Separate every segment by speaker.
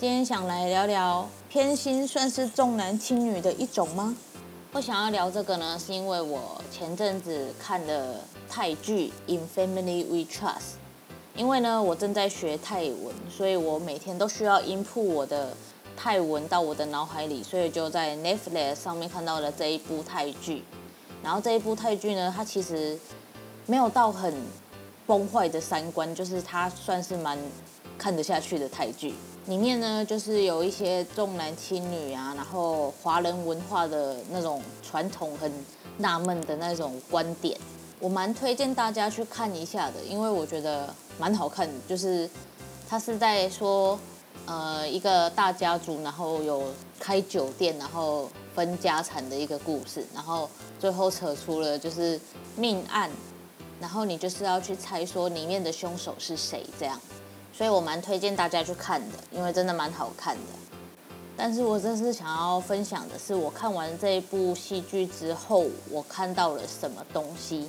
Speaker 1: 今天想來聊聊，偏心算是重男輕女的一種嗎？我想要聊這個呢，是因為我前陣子看了泰劇《In Family We Trust》，因為呢，我正在學泰文，所以我每天都需要 input 我的泰文到我的腦海裡，所以就在 Netflix 上面看到了這一部泰劇。然後這一部泰劇呢，它其實沒有到很崩壞的三觀，就是它算是蠻看得下去的泰劇。裡面呢，就是有一些重男輕女啊，然後華人文化的那種傳統很納悶的那種觀點，我蠻推薦大家去看一下的，因為我覺得蠻好看的。就是他是在說，呃，一個大家族，然後有開酒店，然後分家產的一個故事，然後最後扯出了就是命案，然後你就是要去猜說裡面的凶手是誰這樣。所以我蠻推薦大家去看的，因為真的蠻好看的。但是我這次想要分享的是，我看完這部戲劇之後，我看到了什麼東西。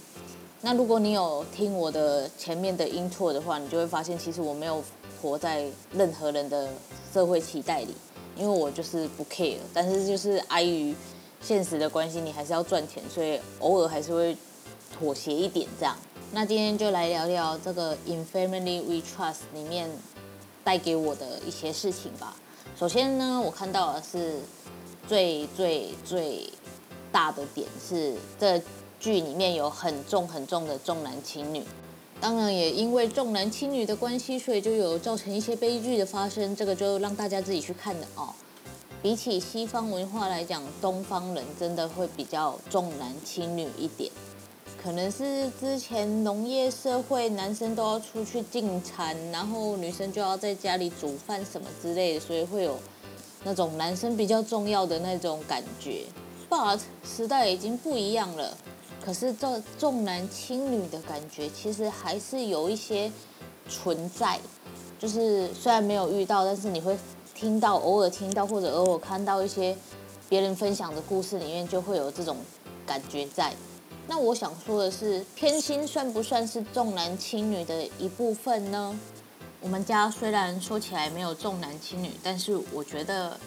Speaker 1: 那如果你有聽我的前面的 intro 的話，你就會發現，其實我沒有活在任何人的社會期待裡，因為我就是不 care。但是就是礙於現實的關係，你還是要賺錢，所以偶爾還是會妥協一點這樣。那今天就來聊聊這個《In Family We Trust》裡面帶給我的一些事情吧。首先呢，我看到的是最最最大的點是，這劇裡面有很重很重的重男輕女。當然，也因為重男輕女的關係，所以就有造成一些悲劇的發生。這個就讓大家自己去看的哦。比起西方文化來講，東方人真的會比較重男輕女一點。可能是之前農業社會，男生都要出去進餐，然後女生就要在家裡煮飯什麼之類的，所以會有那種男生比較重要的那種感覺。But 時代已經不一樣了，可是這重男輕女的感覺其實還是有一些存在。就是雖然沒有遇到，但是你會聽到偶爾聽到，或者偶爾看到一些別人分享的故事裡面，就會有這種感覺在。那我想說的是，偏心算不算是重男輕女的一部分呢？我們家雖然說起來沒有重男輕女，但是我覺得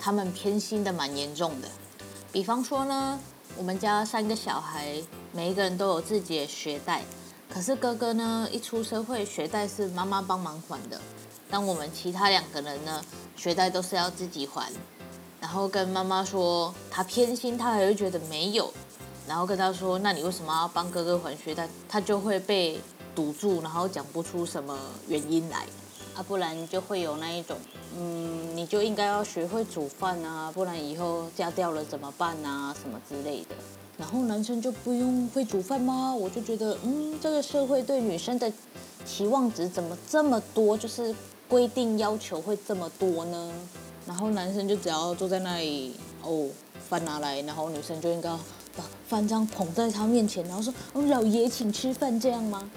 Speaker 1: 他們偏心的蠻嚴重的。比方說呢，我們家三個小孩，每一個人都有自己的學貸，可是哥哥呢一出社會，學貸是媽媽幫忙還的；但我們其他兩個人呢，學貸都是要自己還。然後跟媽媽說他偏心，他還會覺得沒有。然後跟他說：“那你為什麼要幫哥哥還學？”他他就會被堵住，然後講不出什麼原因來。啊，不然就會有那一種，嗯，你就應該要學會煮飯啊，不然以後嫁掉了怎麼辦啊，什麼之類的。然後男生就不用會煮飯嗎？我就覺得，嗯，這個社會對女生的期望值怎麼這麼多？就是規定要求會這麼多呢？然後男生就只要坐在那裡，哦，飯拿來，然後女生就應該。飯張捧在他面前，然後說：“哦，老爺請吃飯，這樣嗎？”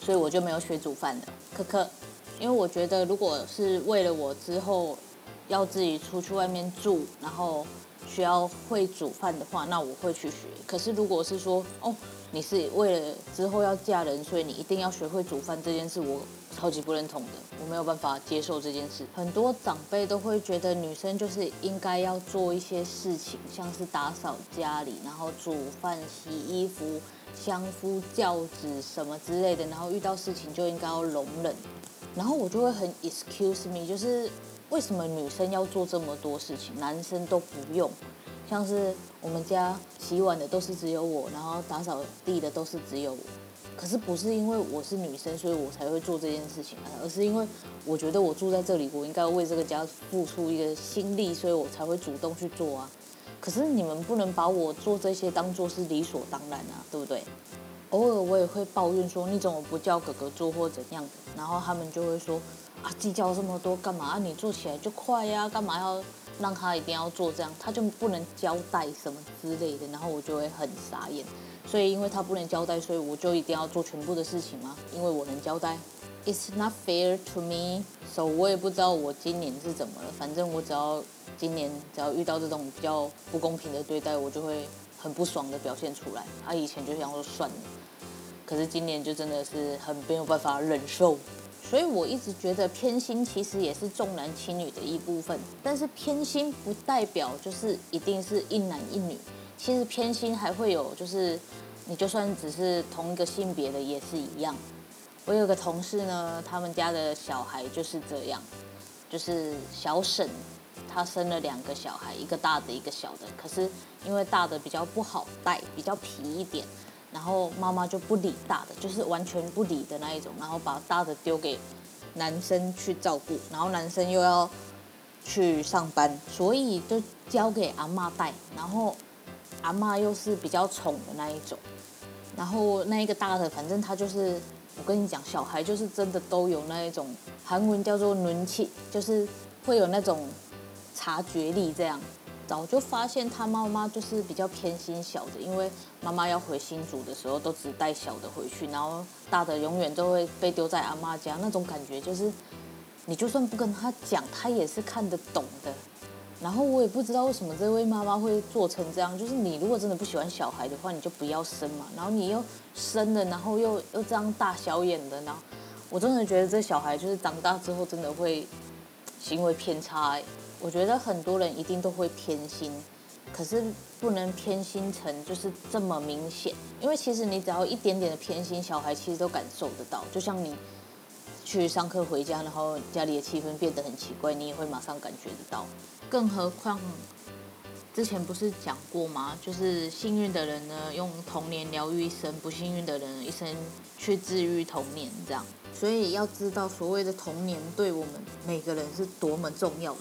Speaker 1: 所以我就沒有學煮飯的，可可，因為我覺得如果是為了我之後要自己出去外面住，然後需要會煮飯的話，那我會去學。可是如果是說哦。你是為了之後要嫁人，所以你一定要學會煮飯這件事，我超級不認同的，我沒有辦法接受這件事。很多長輩都會覺得女生就是應該要做一些事情，像是打掃家裡，然後煮飯、洗衣服、相夫教子什麼之類的，然後遇到事情就應該要容忍。然後我就會很 excuse me，就是為什麼女生要做這麼多事情，男生都不用，像是。我們家洗碗的都是只有我，然後打掃地的都是只有我。可是不是因為我是女生，所以我才會做這件事情啊，而是因為我覺得我住在這裡，我應該為這個家付出一個心力，所以我才會主動去做啊。可是你們不能把我做這些當做是理所當然啊，對不對？偶爾我也會抱怨說，你怎麼不叫哥哥做或怎樣？然後他們就會說啊，計較這麼多幹嘛啊？你做起來就快呀，啊，幹嘛要？讓他一定要做這樣，他就不能交代什麼之類的，然後我就會很傻眼。所以，因為他不能交代，所以我就一定要做全部的事情嗎？啊？因為我能交代。It's not fair to me。So 我也不知道我今年是怎麼了。反正我只要今年只要遇到這種比較不公平的對待，我就會很不爽的表現出來。他、啊、以前就想說算了，可是今年就真的是很沒有辦法忍受。所以我一直覺得偏心其實也是重男輕女的一部分，但是偏心不代表就是一定是一男一女，其實偏心還會有，就是你就算只是同一個性別的也是一樣。我有個同事呢，他們家的小孩就是這樣，就是小沈他生了兩個小孩，一個大的，一個小的，可是因為大的比較不好帶，比較皮一點。然後媽媽就不理大的，就是完全不理的那一種，然後把大的丟給男生去照顧，然後男生又要去上班，所以就交給阿嬤帶。然後阿嬤又是比較寵的那一種，然後那個大的，反正他就是，我跟你講，小孩就是真的都有那一種，韓文叫做“눈치”，就是會有那種察覺力這樣。我就發現他媽媽就是比較偏心小的，因為媽媽要回新竹的時候，都只帶小的回去，然後大的永遠都會被丟在阿媽家。那種感覺就是，你就算不跟他講，他也是看得懂的。然後我也不知道為什麼這位媽媽會做成這樣，就是你如果真的不喜歡小孩的話，你就不要生嘛。然後你又生了，然後又又這樣大小眼的，然後我真的覺得這小孩就是長大之後真的會行為偏差。我覺得很多人一定都會偏心，可是不能偏心成就是這麼明顯。因為其實你只要一點點的偏心，小孩其實都感受得到。就像你去上課回家，然後家裡的氣氛變得很奇怪，你也會馬上感覺得到。更何況之前不是講過嗎？就是幸運的人呢，用童年療癒一生；不幸運的人，一生去治癒童年。這樣，所以要知道所謂的童年對我們每個人是多麼重要的。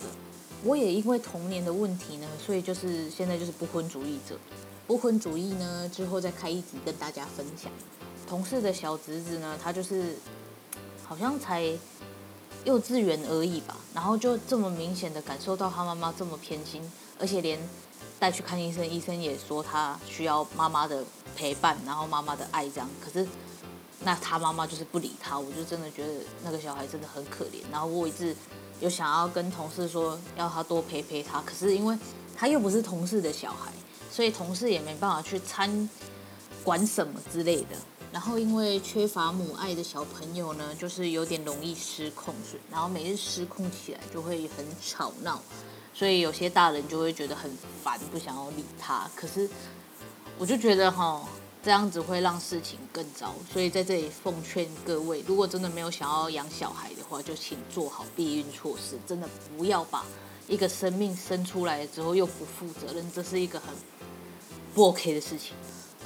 Speaker 1: 我也因為童年的問題呢，所以就是現在就是不婚主義者。不婚主義呢，之後再開一集跟大家分享。同事的小侄子呢，他就是好像才幼稚園而已吧，然後就這麼明顯的感受到他媽媽這麼偏心，而且連帶去看醫生，醫生也說他需要媽媽的陪伴，然後媽媽的愛這樣。可是那他媽媽就是不理他，我就真的覺得那個小孩真的很可憐。然後我一直。有想要跟同事說，要他多陪陪他，可是因為他又不是同事的小孩，所以同事也沒辦法去參管什麼之類的。然後因為缺乏母愛的小朋友呢，就是有點容易失控，然後每日失控起來就會很吵鬧，所以有些大人就會覺得很煩，不想要理他。可是我就覺得哈，這樣子會讓事情更糟，所以在這裡奉勸各位，如果真的沒有想要養小孩的話，就請做好避孕措施，真的不要把一個生命生出來之後又不負責任，這是一個很不 OK 的事情。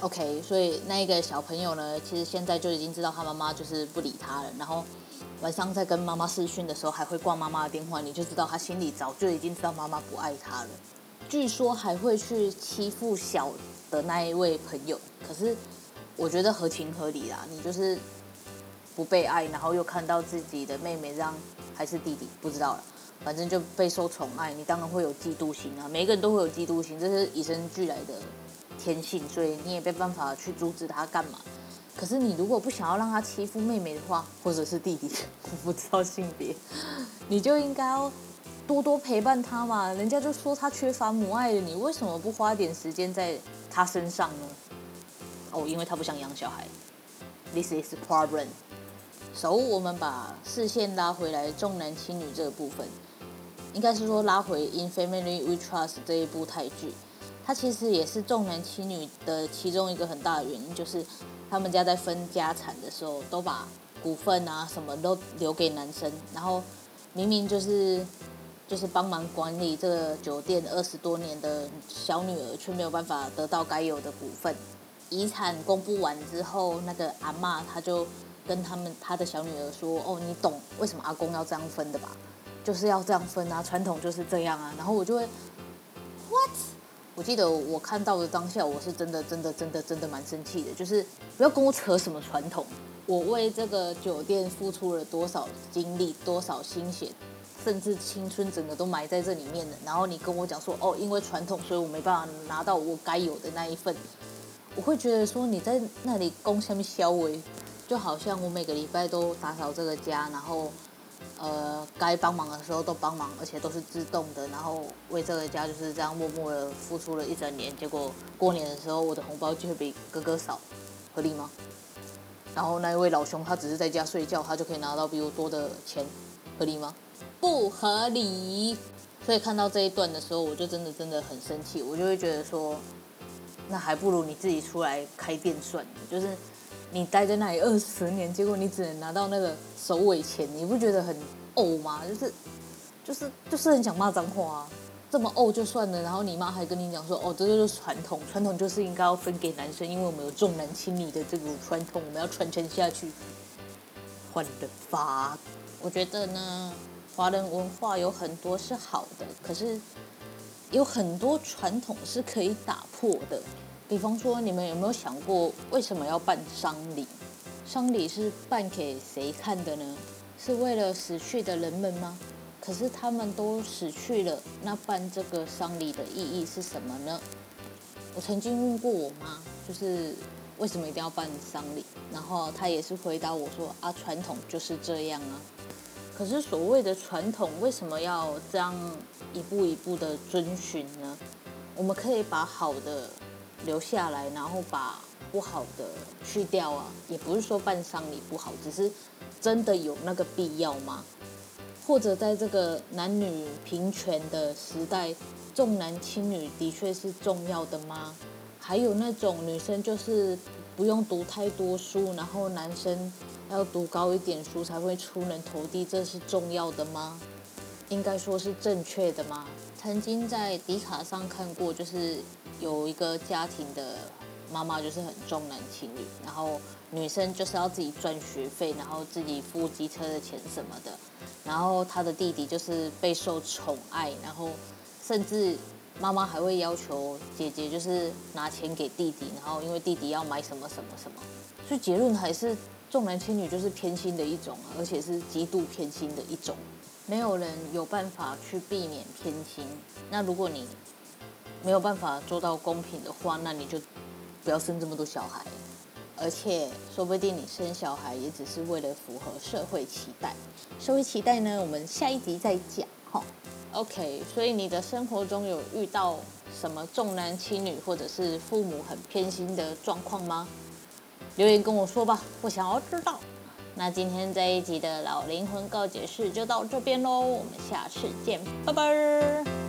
Speaker 1: OK，所以那個小朋友呢，其實現在就已經知道他媽媽就是不理他了，然後晚上在跟媽媽視訊的時候還會掛媽媽的電話，你就知道他心裡早就已經知道媽媽不愛他了。據說還會去欺負小的那一位朋友，可是我覺得合情合理啦。你就是不被愛，然後又看到自己的妹妹這樣，還是弟弟不知道了，反正就備受寵愛，你當然會有嫉妒心啊。每個人都會有嫉妒心，這是與生俱來的天性，所以你也沒辦法去阻止他幹嘛。可是你如果不想要讓他欺負妹妹的話，或者是弟弟，我不知道性別，你就應該哦。多多陪伴他嘛，人家就說他缺乏母愛的，你為什麼不花一點時間在他身上呢？哦、oh，因為他不想養小孩。This is a problem。So，我們把視線拉回來，重男輕女這個部分，應該是說拉回《In Family We Trust》這一部泰劇，它其實也是重男輕女的其中一個很大的原因，就是他們家在分家產的時候，都把股份啊什麼都留給男生，然後明明就是。就是幫忙管理這個酒店二十多年的小女兒，卻沒有辦法得到該有的股份。遺產公布完之後，那個阿嬤她就跟他們他的小女兒說：“哦，你懂為什麼阿公要這樣分的吧？就是要這樣分啊，傳統就是這樣啊。”然後我就會，what？我記得我看到的當下，我是真的真的真的真的蠻生氣的，就是不要跟我扯什麼傳統。我為這個酒店付出了多少精力，多少心血。甚至青春整個都埋在這裡面了。然後你跟我講說，哦，因為傳統，所以我沒辦法拿到我該有的那一份。我會覺得說，你在那裡供下面消微，就好像我每個禮拜都打掃這個家，然後呃該幫忙的時候都幫忙，而且都是自動的，然後為這個家就是這樣默默的付出了一整年。結果過年的時候，我的紅包就會比哥哥少，合理嗎？然後那一位老兄，他只是在家睡覺，他就可以拿到比我多的錢，合理嗎？不合理，所以看到這一段的時候，我就真的真的很生氣。我就會覺得說，那還不如你自己出來開店算了。就是你待在那裡二十年，結果你只能拿到那個首尾錢，你不覺得很嘔嗎？就是就是就是很想罵髒話，啊，這麼嘔就算了。然後你媽還跟你講說，哦，這就是傳統，傳統就是應該要分給男生，因為我們有重男輕女的這個傳統，我們要傳承下去。換的發，我覺得呢。華人文化有很多是好的，可是有很多傳統是可以打破的。比方說，你們有沒有想過為什麼要辦喪禮？喪禮是辦給誰看的呢？是為了死去的人們嗎？可是他們都死去了，那辦這個喪禮的意義是什麼呢？我曾經問過我媽，就是為什麼一定要辦喪禮？然後她也是回答我說：“啊，傳統就是這樣啊。”可是所謂的傳統，為什麼要這樣一步一步的遵循呢？我們可以把好的留下來，然後把不好的去掉啊。也不是說辦喪禮不好，只是真的有那個必要嗎？或者在這個男女平權的時代，重男輕女的確是重要的嗎？還有那種女生就是不用讀太多書，然後男生。要讀高一點書才會出人頭地，這是重要的嗎？應該說是正確的嗎？曾經在迪卡上看過，就是有一個家庭的媽媽就是很重男輕女，然後女生就是要自己賺學費，然後自己付機車的錢什麼的，然後她的弟弟就是備受寵愛，然後甚至媽媽還會要求姐姐就是拿錢給弟弟，然後因為弟弟要買什麼什麼什麼。所以結論還是重男輕女就是偏心的一種啊，而且是極度偏心的一種。沒有人有辦法去避免偏心。那如果你沒有辦法做到公平的話，那你就不要生這麼多小孩。而且說不定你生小孩也只是為了符合社會期待。社會期待呢，我們下一集再講哈。OK，所以你的生活中有遇到什麼重男輕女或者是父母很偏心的狀況嗎？留言跟我說吧，不想要知道。那今天這一集的老靈魂告解室就到這邊嘍，我們下次見，拜拜。